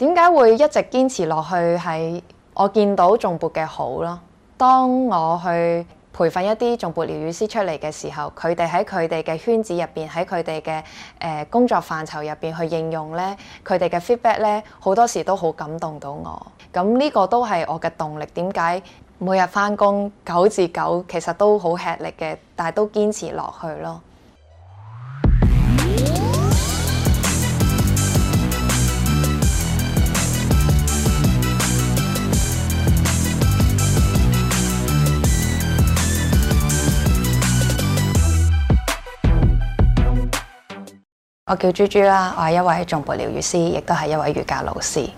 點解會一直堅持落去？係我見到頌缽嘅好咯。當我去培訓一啲頌缽治癒師出嚟嘅時候，佢哋喺佢哋嘅圈子入邊，喺佢哋嘅誒工作範疇入邊去應用咧，佢哋嘅 feedback 咧好多時都好感動到我。咁呢個都係我嘅動力。點解每日返工九至九，其實都好吃力嘅，但係都堅持落去咯。我叫朱朱啦，我係一位頌缽療癒師，亦都係一位瑜伽老師。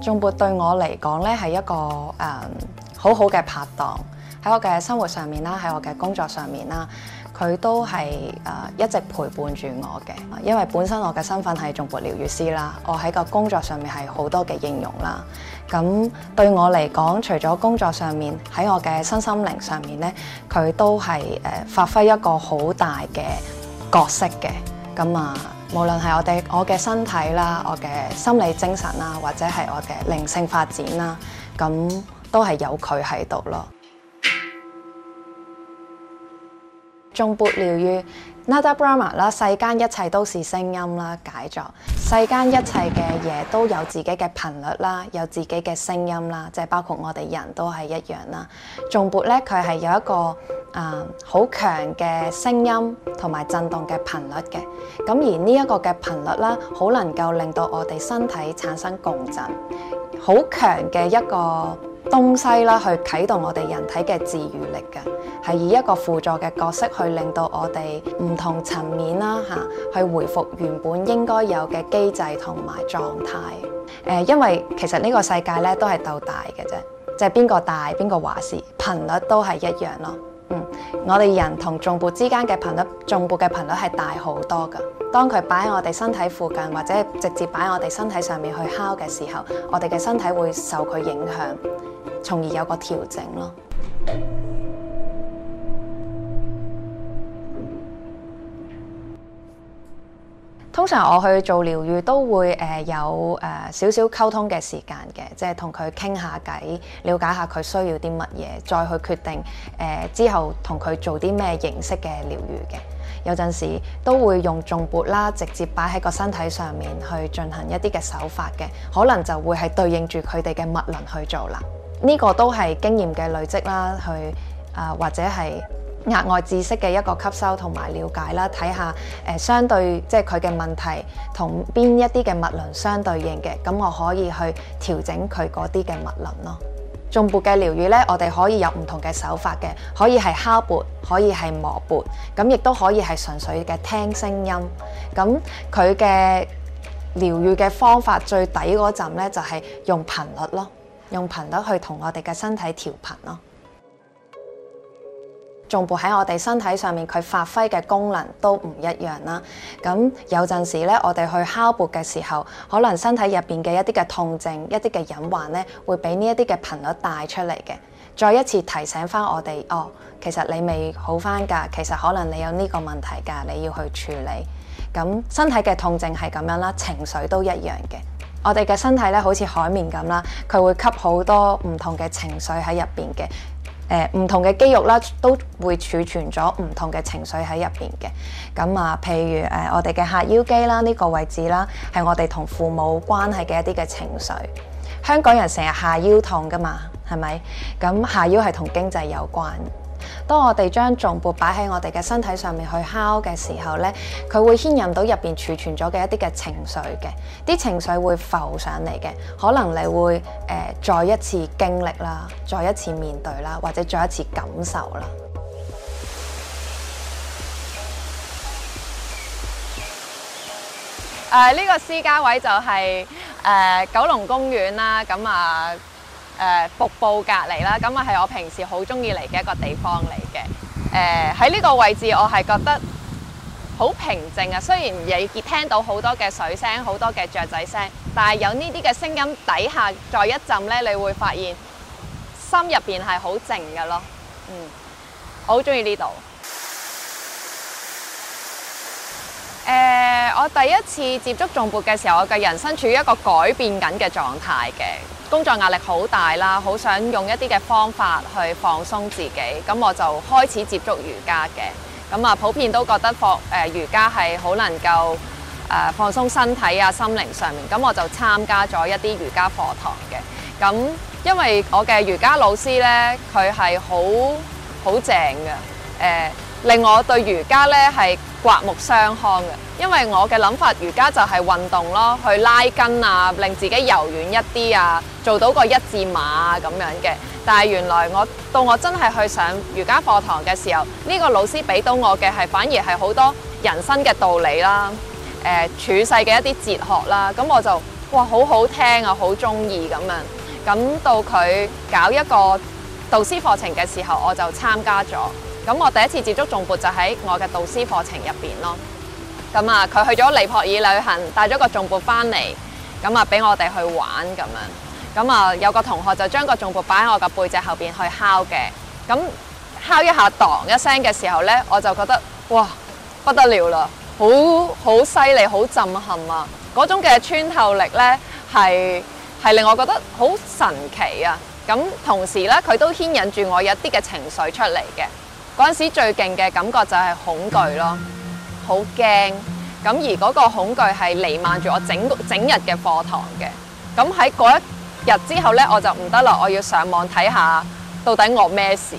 頌缽對我嚟講咧，係一個誒、嗯、好好嘅拍檔，喺我嘅生活上面啦，喺我嘅工作上面啦。佢都係誒、呃、一直陪伴住我嘅，因為本身我嘅身份係頌缽療癒師啦，我喺個工作上面係好多嘅應用啦。咁對我嚟講，除咗工作上面，喺我嘅身心靈上面咧，佢都係誒、呃、發揮一個好大嘅角色嘅。咁啊，無論係我哋我嘅身體啦，我嘅心理精神啦，或者係我嘅靈性發展啦，咁都係有佢喺度咯。頌缽療癒 Nada Brahma 啦，世間一切都是聲音啦，解作，世間一切嘅嘢都有自己嘅頻率啦，有自己嘅聲音啦，即係包括我哋人都係一樣啦。頌缽咧，佢係有一個啊好強嘅聲音同埋震動嘅頻率嘅，咁而呢一個嘅頻率啦，好能夠令到我哋身體產生共振，好強嘅一個東西啦，去啟動我哋人體嘅自愈力嘅，係以一個輔助嘅角色去令到我哋唔同層面啦吓、啊，去回復原本應該有嘅機制同埋狀態。誒、呃，因為其實呢個世界咧都係鬥大嘅啫，即係邊個大邊個話事，頻率都係一樣咯。嗯，我哋人同頌缽之間嘅頻率，頌缽嘅頻率係大好多噶。當佢擺喺我哋身體附近，或者直接擺喺我哋身體上面去敲嘅時候，我哋嘅身體會受佢影響。從而有個調整咯。通常我去做療愈都會誒、呃、有誒少少溝通嘅時間嘅，即係同佢傾下偈，了解下佢需要啲乜嘢，再去決定誒、呃、之後同佢做啲咩形式嘅療愈嘅。有陣時都會用頌缽啦，直接擺喺個身體上面去進行一啲嘅手法嘅，可能就會係對應住佢哋嘅物輪去做啦。呢個都係經驗嘅累積啦，去啊、呃、或者係額外知識嘅一個吸收同埋了解啦，睇下誒、呃、相對即係佢嘅問題同邊一啲嘅物輪相對應嘅，咁我可以去調整佢嗰啲嘅物輪咯。頌缽嘅療愈呢，我哋可以有唔同嘅手法嘅，可以係敲缽，可以係磨缽，咁亦都可以係純粹嘅聽聲音。咁佢嘅療愈嘅方法最底嗰陣呢，就係、是、用頻率咯。用頻率去同我哋嘅身體調頻咯，眾缽喺我哋身體上面佢發揮嘅功能都唔一樣啦。咁有陣時咧，我哋去敲撥嘅時候，可能身體入邊嘅一啲嘅痛症、一啲嘅隱患咧，會俾呢一啲嘅頻率帶出嚟嘅。再一次提醒翻我哋，哦，其實你未好翻㗎，其實可能你有呢個問題㗎，你要去處理。咁身體嘅痛症係咁樣啦，情緒都一樣嘅。我哋嘅身體咧，好似海綿咁啦，佢會吸好多唔同嘅情緒喺入邊嘅。誒、呃，唔同嘅肌肉啦，都會儲存咗唔同嘅情緒喺入邊嘅。咁、嗯、啊，譬如誒、呃，我哋嘅下腰肌啦，呢、這個位置啦，係我哋同父母關係嘅一啲嘅情緒。香港人成日下腰痛㗎嘛，係咪？咁下腰係同經濟有關。當我哋將頌缽擺喺我哋嘅身體上面去敲嘅時候呢，佢會牽引到入邊儲存咗嘅一啲嘅情緒嘅，啲情緒會浮上嚟嘅，可能你會誒、呃、再一次經歷啦，再一次面對啦，或者再一次感受啦。誒呢、呃這個私家位就係、是、誒、呃、九龍公園啦，咁啊。呃誒、呃，瀑布隔籬啦，咁啊係我平時好中意嚟嘅一個地方嚟嘅。誒、呃，喺呢個位置我係覺得好平靜啊，雖然你聽到好多嘅水聲、好多嘅雀仔聲，但係有呢啲嘅聲音底下再一浸咧，你會發現心入邊係好靜㗎咯。嗯，我好中意呢度。誒、呃，我第一次接觸頌缽嘅時候，我嘅人生處於一個改變緊嘅狀態嘅，工作壓力好大啦，好想用一啲嘅方法去放鬆自己，咁我就開始接觸瑜伽嘅。咁啊，普遍都覺得放誒、呃、瑜伽係好能夠誒、呃、放鬆身體啊心靈上面，咁我就參加咗一啲瑜伽課堂嘅。咁因為我嘅瑜伽老師咧，佢係好好正嘅，誒、呃。令我對瑜伽咧係刮目相看嘅，因為我嘅諗法瑜伽就係運動咯，去拉筋啊，令自己柔軟一啲啊，做到個一字馬啊咁樣嘅。但係原來我到我真係去上瑜伽課堂嘅時候，呢個老師俾到我嘅係反而係好多人生嘅道理啦，誒、呃、處世嘅一啲哲學啦，咁我就哇，好好聽啊，好中意咁樣。咁到佢搞一個導師課程嘅時候，我就參加咗。咁我第一次接觸頌缽就喺我嘅導師課程入邊咯。咁、嗯、啊，佢去咗尼泊爾旅行，帶咗個頌缽翻嚟，咁啊俾我哋去玩咁樣。咁、嗯、啊，有個同學就將個頌缽擺喺我嘅背脊後邊去敲嘅。咁、嗯、敲一下，噹一聲嘅時候呢，我就覺得哇不得了啦，好好犀利，好震撼啊！嗰種嘅穿透力呢，係係令我覺得好神奇啊。咁、嗯、同時呢，佢都牽引住我有啲嘅情緒出嚟嘅。嗰陣時最勁嘅感覺就係恐懼咯，好驚。咁而嗰個恐懼係彌漫住我整整日嘅課堂嘅。咁喺嗰一日之後呢，我就唔得啦，我要上網睇下到底我咩事，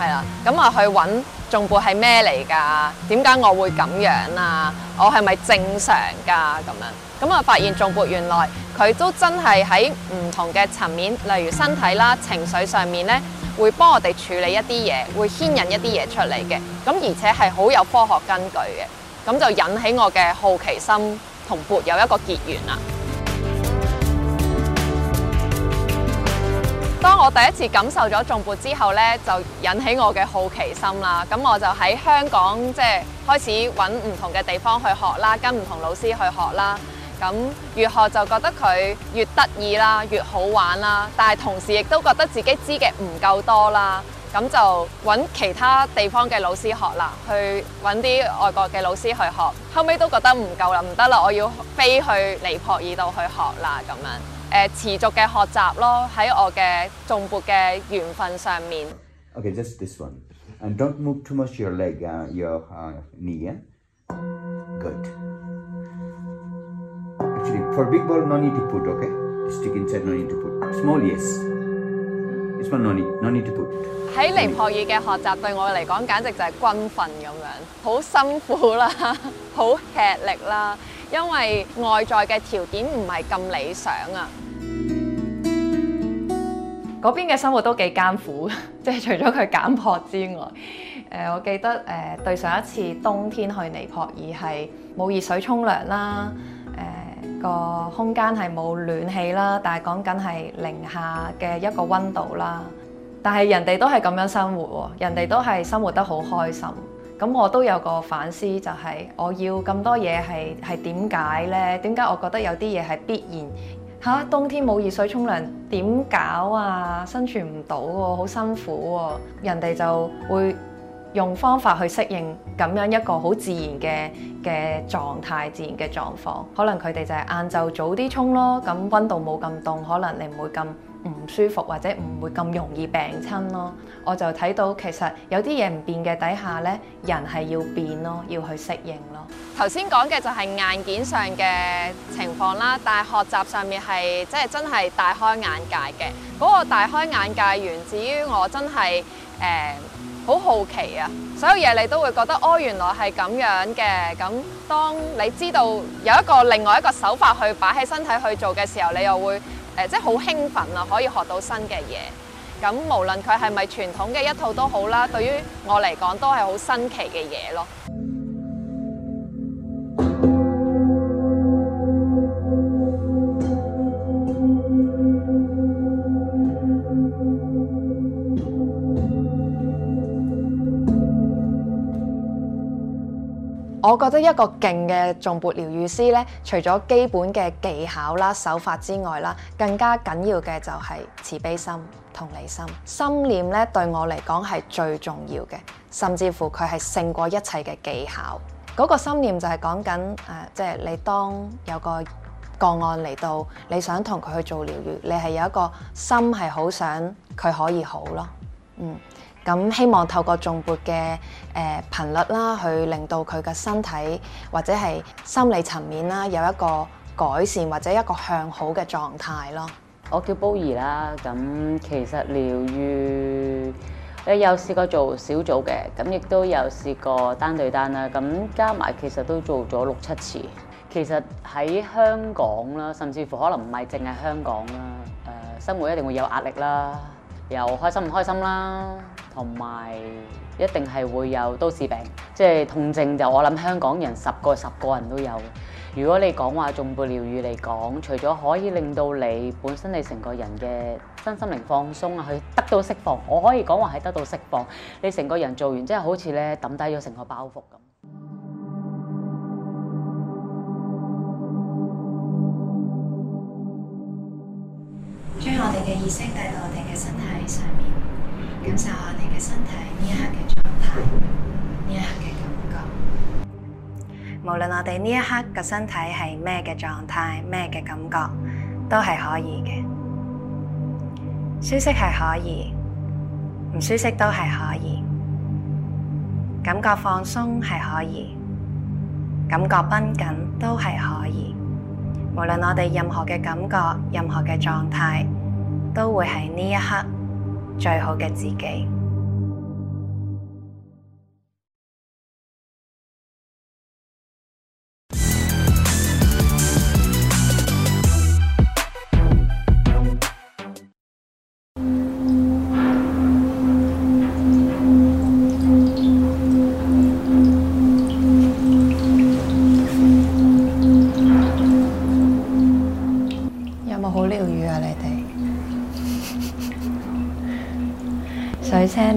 係啦，咁啊去揾頌缽係咩嚟㗎？點解我會咁樣啊？我係咪正常㗎？咁樣咁啊發現頌缽原來佢都真係喺唔同嘅層面，例如身體啦、情緒上面呢，會幫我哋處理一啲嘢，會牽引一啲嘢出嚟嘅，咁而且係好有科學根據嘅，咁就引起我嘅好奇心同缽有一個結緣啦。 當我第一次感受咗頌缽之後呢，就引起我嘅好奇心啦。咁我就喺香港即係、就是、開始揾唔同嘅地方去學啦，跟唔同老師去學啦。咁越學就覺得佢越得意啦，越好玩啦。但係同時亦都覺得自己知嘅唔夠多啦，咁就揾其他地方嘅老師學啦，去揾啲外國嘅老師去學。後尾都覺得唔夠啦，唔得啦，我要飛去尼泊爾度去學啦，咁樣誒、呃，持續嘅學習咯，喺我嘅頌缽嘅緣分上面。Okay, just this one, and don't move too much your leg, uh, your uh, knee. Good. For big ball no need to put，okay，stick inside no need to put。Small yes，呢 mon no need no need to put。喺尼泊爾嘅學習對我嚟講簡直就係軍訓咁樣，好辛苦啦，好吃力啦，因為外在嘅條件唔係咁理想啊。嗰邊嘅生活都幾艱苦，即係除咗佢簡樸之外，誒，我記得誒對上一次冬天去尼泊爾係冇熱水沖涼啦。個空間係冇暖氣啦，但係講緊係零下嘅一個温度啦。但係人哋都係咁樣生活喎，人哋都係生活得好開心。咁我都有個反思，就係、是、我要咁多嘢係係點解呢？點解我覺得有啲嘢係必然？吓、啊、冬天冇熱水沖涼點搞啊？生存唔到嘅，好辛苦。人哋就會。用方法去適應咁樣一個好自然嘅嘅狀態、自然嘅狀況，可能佢哋就係晏晝早啲沖咯，咁溫度冇咁凍，可能你唔會咁唔舒服，或者唔會咁容易病親咯。我就睇到其實有啲嘢唔變嘅底下呢，人係要變咯，要去適應咯。頭先講嘅就係硬件上嘅情況啦，但係學習上面係即係真係大開眼界嘅。嗰個大開眼界源自於我真係誒。呃好好奇啊！所有嘢你都會覺得，哦，原來係咁樣嘅。咁當你知道有一個另外一個手法去擺喺身體去做嘅時候，你又會誒、呃，即係好興奮啊！可以學到新嘅嘢。咁無論佢係咪傳統嘅一套都好啦，對於我嚟講都係好新奇嘅嘢咯。我覺得一個勁嘅頌缽療癒師咧，除咗基本嘅技巧啦、手法之外啦，更加緊要嘅就係慈悲心、同理心。心念咧對我嚟講係最重要嘅，甚至乎佢係勝過一切嘅技巧。嗰個心念就係講緊誒，即係你當有個個案嚟到，你想同佢去做療愈，你係有一個心係好想佢可以好咯，嗯。咁希望透過頌缽嘅誒頻率啦，去令到佢嘅身體或者係心理層面啦，有一個改善或者一個向好嘅狀態咯。我叫波兒啦，咁其實療愈，你有試過做小組嘅，咁亦都有試過單對單啦，咁加埋其實都做咗六七次。其實喺香港啦，甚至乎可能唔係淨係香港啦，誒、呃、生活一定會有壓力啦。又開心唔開心啦，同埋一定係會有都市病，即係痛症就我諗香港人十個十個人都有。如果你講話頌缽療愈嚟講，除咗可以令到你本身你成個人嘅身心靈放鬆啊，去得到釋放，我可以講話係得到釋放。你成個人做完之後好似咧抌低咗成個包袱咁。意識帶到我哋嘅身體上面，感受我哋嘅身體呢一刻嘅狀態，呢一刻嘅感覺。無論我哋呢一刻嘅身體係咩嘅狀態，咩嘅感覺，都係可以嘅。舒適係可以，唔舒適都係可以。感覺放鬆係可以，感覺繃緊都係可以。無論我哋任何嘅感覺，任何嘅狀態。都會係呢一刻最好嘅自己。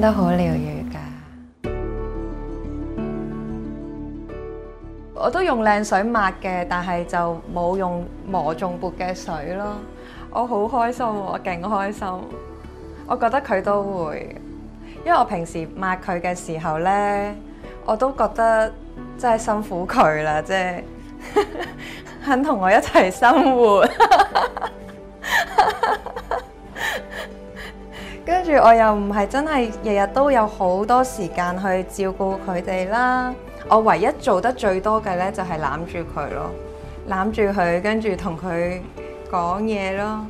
都好療癒噶， 我都用靚水抹嘅，但係就冇用磨仲缽嘅水咯。我好開心，我勁開心，我覺得佢都會，因為我平時抹佢嘅時候呢，我都覺得真係辛苦佢啦，即係 肯同我一齊生活。 跟住我又唔係真係日日都有好多時間去照顧佢哋啦。我唯一做得最多嘅呢就係攬住佢咯，攬住佢跟住同佢講嘢咯。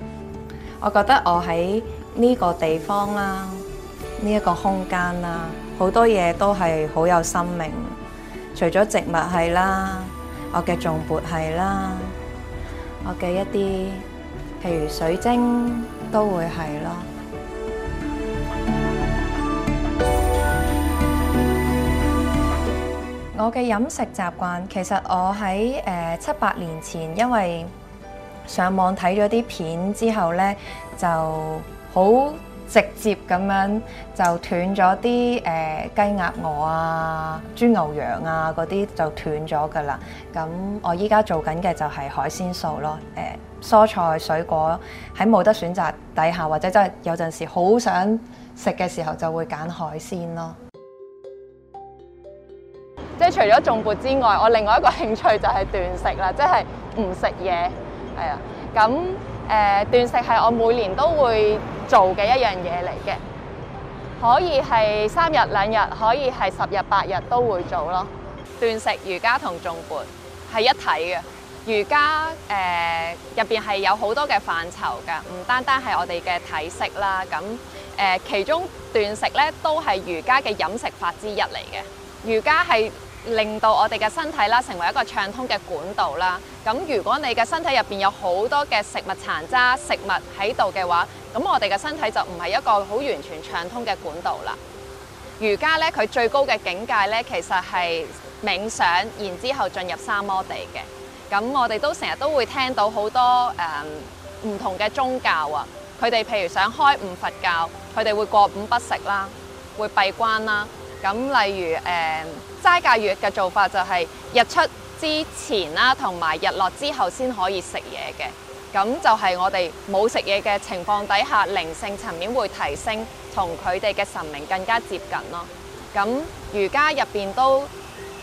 我覺得我喺呢個地方啦，呢、這、一個空間啦，好多嘢都係好有生命。除咗植物係啦，我嘅頌缽係啦，我嘅一啲譬如水晶都會係咯。我嘅飲食習慣，其實我喺誒七八年前，因為上網睇咗啲片之後咧，就好直接咁樣就斷咗啲誒雞鴨鵝啊、豬牛羊啊嗰啲，就斷咗噶啦。咁我依家做緊嘅就係海鮮素咯，呃、蔬菜水果喺冇得選擇底下，或者真係有陣時好想食嘅時候就會揀海鮮咯。即除咗頌缽之外，我另外一個興趣就係斷食啦。即係唔、呃、食嘢係啊。咁誒，斷食係我每年都會做嘅一樣嘢嚟嘅，可以係三日兩日，可以係十日八日都會做咯。斷食瑜伽同頌缽係一體嘅瑜伽誒，入邊係有好多嘅範疇㗎，唔單單係我哋嘅體式啦。咁誒、呃，其中斷食咧都係瑜伽嘅飲食法之一嚟嘅。瑜伽係。令到我哋嘅身體啦，成為一個暢通嘅管道啦。咁如果你嘅身體入邊有好多嘅食物殘渣、食物喺度嘅話，咁我哋嘅身體就唔係一個好完全暢通嘅管道啦。瑜伽咧，佢最高嘅境界咧，其實係冥想，然之後進入三摩地嘅。咁我哋都成日都會聽到好多誒唔、呃、同嘅宗教啊，佢哋譬如想開悟佛教，佢哋會過午不食啦，會閉關啦。咁例如誒。呃齋戒月嘅做法就係日出之前啦，同埋日落之後先可以食嘢嘅。咁就係我哋冇食嘢嘅情況底下，靈性層面會提升，同佢哋嘅神明更加接近咯。咁瑜伽入邊都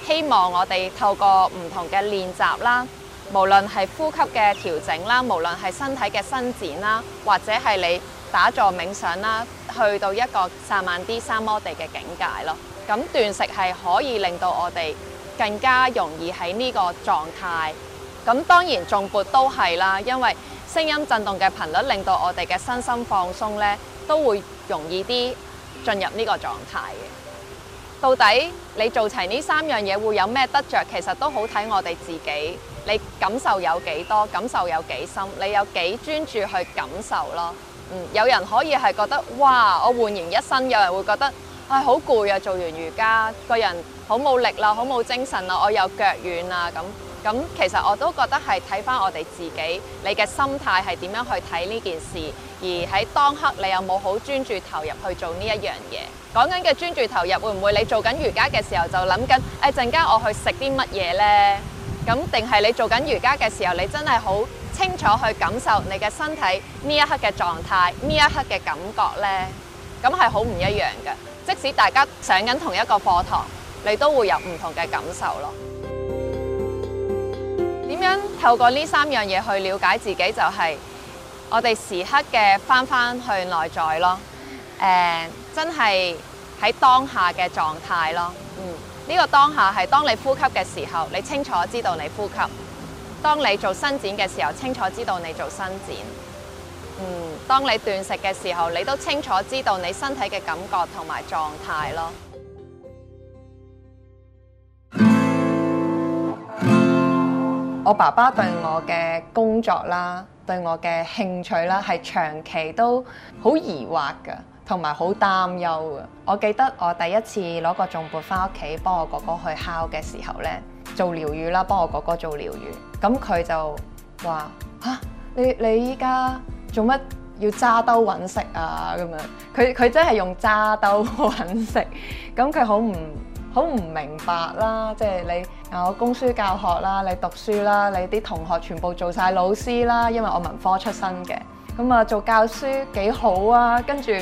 希望我哋透過唔同嘅練習啦，無論係呼吸嘅調整啦，無論係身體嘅伸展啦，或者係你打坐冥想啦，去到一個薩曼啲三摩地嘅境界咯。咁斷食係可以令到我哋更加容易喺呢個狀態。咁當然，頌缽都係啦，因為聲音震動嘅頻率令到我哋嘅身心放鬆呢，都會容易啲進入呢個狀態嘅。到底你做齊呢三樣嘢會有咩得着？其實都好睇我哋自己，你感受有幾多，感受有幾深，你有幾專注去感受咯。嗯，有人可以係覺得哇，我煥然一新，有人會覺得。唉，好攰、哎、啊！做完瑜伽，個人好冇力啦，好冇精神啦，我又腳軟啊，咁咁，其實我都覺得係睇翻我哋自己，你嘅心態係點樣去睇呢件事，而喺當刻你有冇好專注投入去做呢一樣嘢？講緊嘅專注投入，會唔會你做緊瑜伽嘅時候就諗緊，唉陣間我去食啲乜嘢呢？」咁定係你做緊瑜伽嘅時候，你真係好清楚去感受你嘅身體呢一刻嘅狀態，呢一刻嘅感覺呢。咁係好唔一樣嘅，即使大家上緊同一個課堂，你都會有唔同嘅感受咯。點樣透過呢三樣嘢去了解自己？就係我哋時刻嘅返返去內在咯。誒，真係喺當下嘅狀態咯。嗯，呢個當下係當你呼吸嘅時候，你清楚知道你呼吸；當你做伸展嘅時候，清楚知道你做伸展。當你斷食嘅時候，你都清楚知道你身體嘅感覺同埋狀態咯。我爸爸對我嘅工作啦，對我嘅興趣啦，係長期都好疑惑㗎，同埋好擔憂噶。我記得我第一次攞個頌缽返屋企幫我哥哥去敲嘅時候咧，做療癒啦，幫我哥哥做療癒。咁佢就話：嚇、啊，你你依家做乜？要揸兜揾食啊，咁樣，佢佢真係用揸兜揾食。咁佢好唔好唔明白啦？即係你，我公書教學啦，你讀書啦，你啲同學全部做晒老師啦，因為我文科出身嘅。咁啊做教書幾好啊？跟住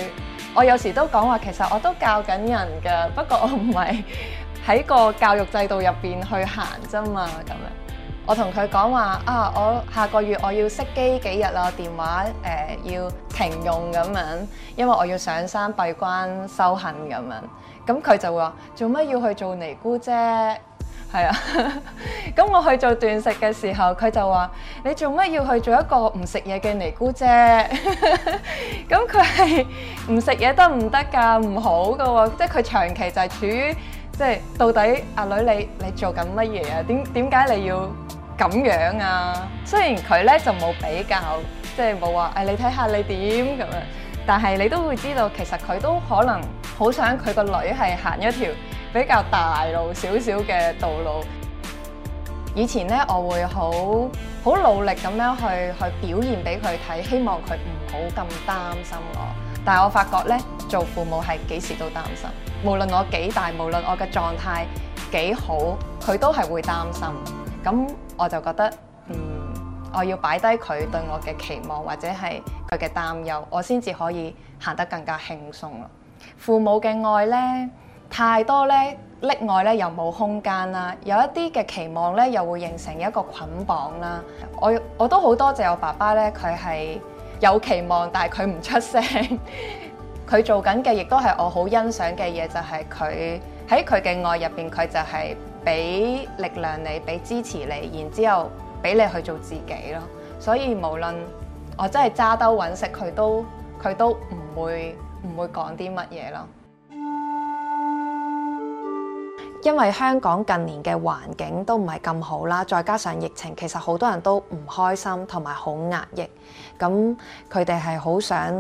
我有時都講話，其實我都教緊人㗎，不過我唔係喺個教育制度入邊去行啫嘛咁樣。我同佢講話啊！我下個月我要熄機幾日啦，電話誒要停用咁樣，因為我要上山閉關修行咁樣。咁佢就會話：做乜要去做尼姑啫？係啊！咁我去做斷食嘅時候，佢就話：你做乜要去做一個唔食嘢嘅尼姑啫？咁佢係唔食嘢得唔得㗎？唔好噶喎！即係佢長期就係處於即係到底阿女你你做緊乜嘢啊？點點解你要？咁樣啊，雖然佢呢就冇比較，即係冇話誒，你睇下你點咁樣，但係你都會知道，其實佢都可能好想佢個女係行一條比較大路少少嘅道路。以前呢，我會好好努力咁樣去去表現俾佢睇，希望佢唔好咁擔心我。但係我發覺呢，做父母係幾時都擔心，無論我幾大，無論我嘅狀態幾好，佢都係會擔心。咁我就覺得，嗯，我要擺低佢對我嘅期望或者係佢嘅擔憂，我先至可以行得更加輕鬆啦。父母嘅愛呢，太多呢溺愛呢，又冇空間啦，有一啲嘅期望呢，又會形成一個捆綁啦。我我都好多謝我爸爸呢，佢係有期望，但係佢唔出聲。佢 做緊嘅亦都係我好欣賞嘅嘢，就係佢喺佢嘅愛入邊，佢就係、是。俾力量你，俾支持你，然之後俾你去做自己咯。所以無論我真係揸兜揾食，佢都佢都唔會唔會講啲乜嘢咯。因為香港近年嘅環境都唔係咁好啦，再加上疫情，其實好多人都唔開心，同埋好壓抑。咁佢哋係好想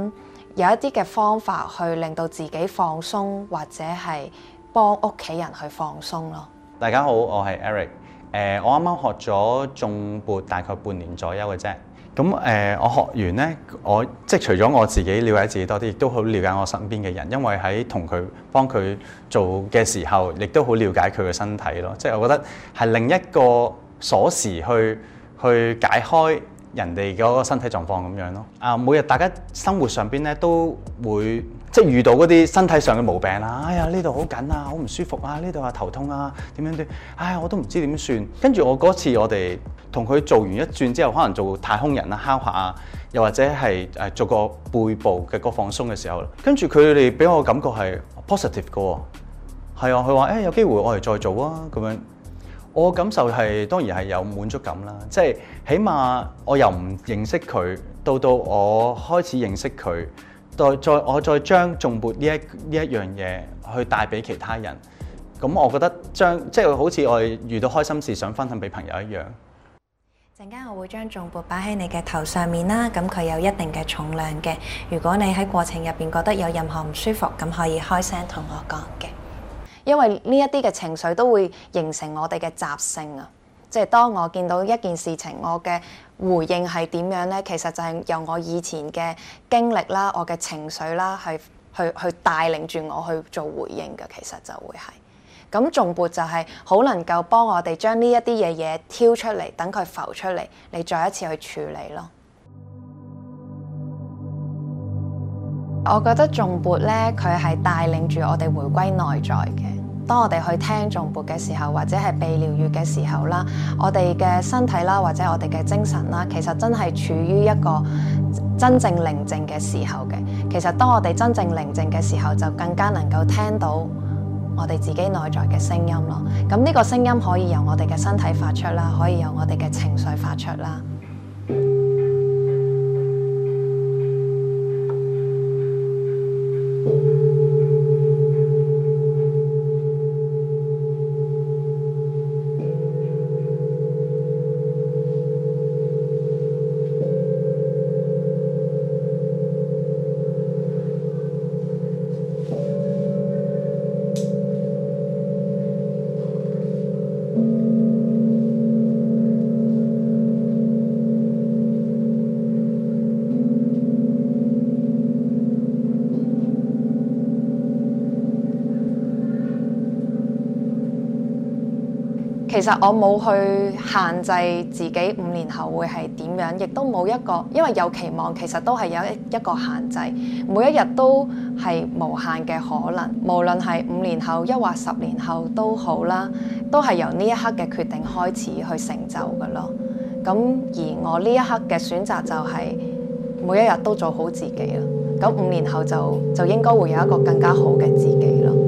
有一啲嘅方法去令到自己放鬆，或者係幫屋企人去放鬆咯。大家好，我係 Eric。誒、呃，我啱啱學咗頌缽大概半年左右嘅啫。咁、嗯、誒、呃，我學完呢，我即係除咗我自己了解自己多啲，亦都好了解我身邊嘅人，因為喺同佢幫佢做嘅時候，亦都好了解佢嘅身體咯。即係我覺得係另一個鎖匙去去解開人哋嗰個身體狀況咁樣咯。啊、呃，每日大家生活上邊咧都會。即係遇到嗰啲身體上嘅毛病啦，哎呀呢度好緊啊，好唔舒服啊，呢度啊頭痛啊，點樣點，哎呀我都唔知點算。跟住我嗰次我哋同佢做完一轉之後，可能做太空人啊，敲下啊，又或者係誒做個背部嘅個放鬆嘅時候，跟住佢哋俾我感覺係 positive 嘅、哦，係啊，佢話誒有機會我哋再做啊咁樣，我感受係當然係有滿足感啦，即係起碼我又唔認識佢，到到我開始認識佢。再再我再將頌缽呢一呢一樣嘢去帶俾其他人，咁我覺得將即係好似我哋遇到開心事想分享俾朋友一樣。陣間我會將頌缽擺喺你嘅頭上面啦，咁佢有一定嘅重量嘅。如果你喺過程入邊覺得有任何唔舒服，咁可以開聲同我講嘅，因為呢一啲嘅情緒都會形成我哋嘅習性啊。即係當我見到一件事情，我嘅回應係點樣呢？其實就係由我以前嘅經歷啦、我嘅情緒啦，係去去帶領住我去做回應嘅。其實就會係咁，頌缽就係好能夠幫我哋將呢一啲嘢嘢挑出嚟，等佢浮出嚟，你再一次去處理咯。 我覺得頌缽呢，佢係帶領住我哋回歸內在嘅。當我哋去聽眾撥嘅時候，或者係被療愈嘅時候啦，我哋嘅身體啦，或者我哋嘅精神啦，其實真係處於一個真正寧靜嘅時候嘅。其實當我哋真正寧靜嘅時候，就更加能夠聽到我哋自己內在嘅聲音咯。咁呢個聲音可以由我哋嘅身體發出啦，可以由我哋嘅情緒發出啦。其實我冇去限制自己五年後會係點樣，亦都冇一個，因為有期望，其實都係有一一個限制。每一日都係無限嘅可能，無論係五年後抑或十年後都好啦，都係由呢一刻嘅決定開始去成就噶咯。咁而我呢一刻嘅選擇就係每一日都做好自己咯。咁五年後就就應該會有一個更加好嘅自己咯。